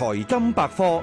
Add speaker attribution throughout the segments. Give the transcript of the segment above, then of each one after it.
Speaker 1: 財金百科。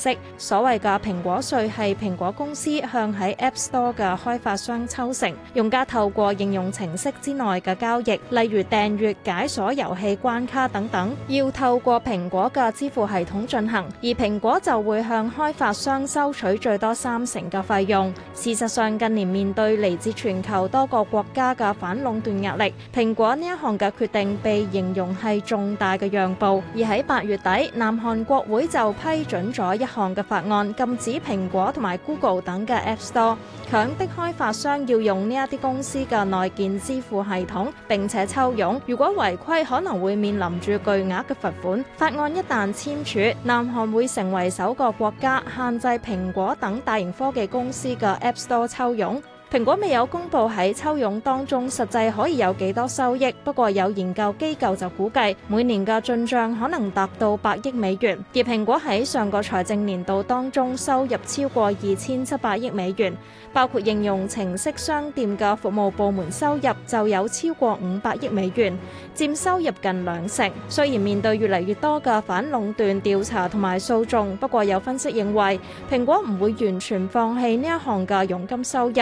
Speaker 1: 所謂嘅蘋果稅係蘋果公司向喺 App Store 嘅開發商抽成，用家透過應用程式之內嘅交易，例如訂閱、解鎖遊戲關卡等等，要透過蘋果嘅支付系統進行，而蘋果就會向開發商收取最多三成嘅費用。事實上，近年面對嚟自全球多個國家嘅反壟斷壓力，蘋果呢一項嘅決定被形容係重大嘅讓步。而喺八月底，南韓國會就批准咗一行嘅法案，禁止蘋果同埋 Google 等嘅 App Store 強迫開發商要用呢一啲公司嘅內建支付系統，並且抽佣。如果違規，可能會面臨住巨額嘅罰款。法案一旦簽署，南韓會成為首個國家限制蘋果等大型科技公司嘅 App Store 抽佣。蘋果未有公布喺抽佣當中實際可以有幾多收益，不過有研究機構就估計每年嘅進帳可能達到百億美元。而蘋果喺上個財政年度當中收入超過二千七百億美元，包括應用程式商店嘅服務部門收入就有超過五百億美元，佔收入近兩成。雖然面對越嚟越多嘅反壟斷調查同埋訴訟，不過有分析認為蘋果唔會完全放棄呢一項嘅佣金收入。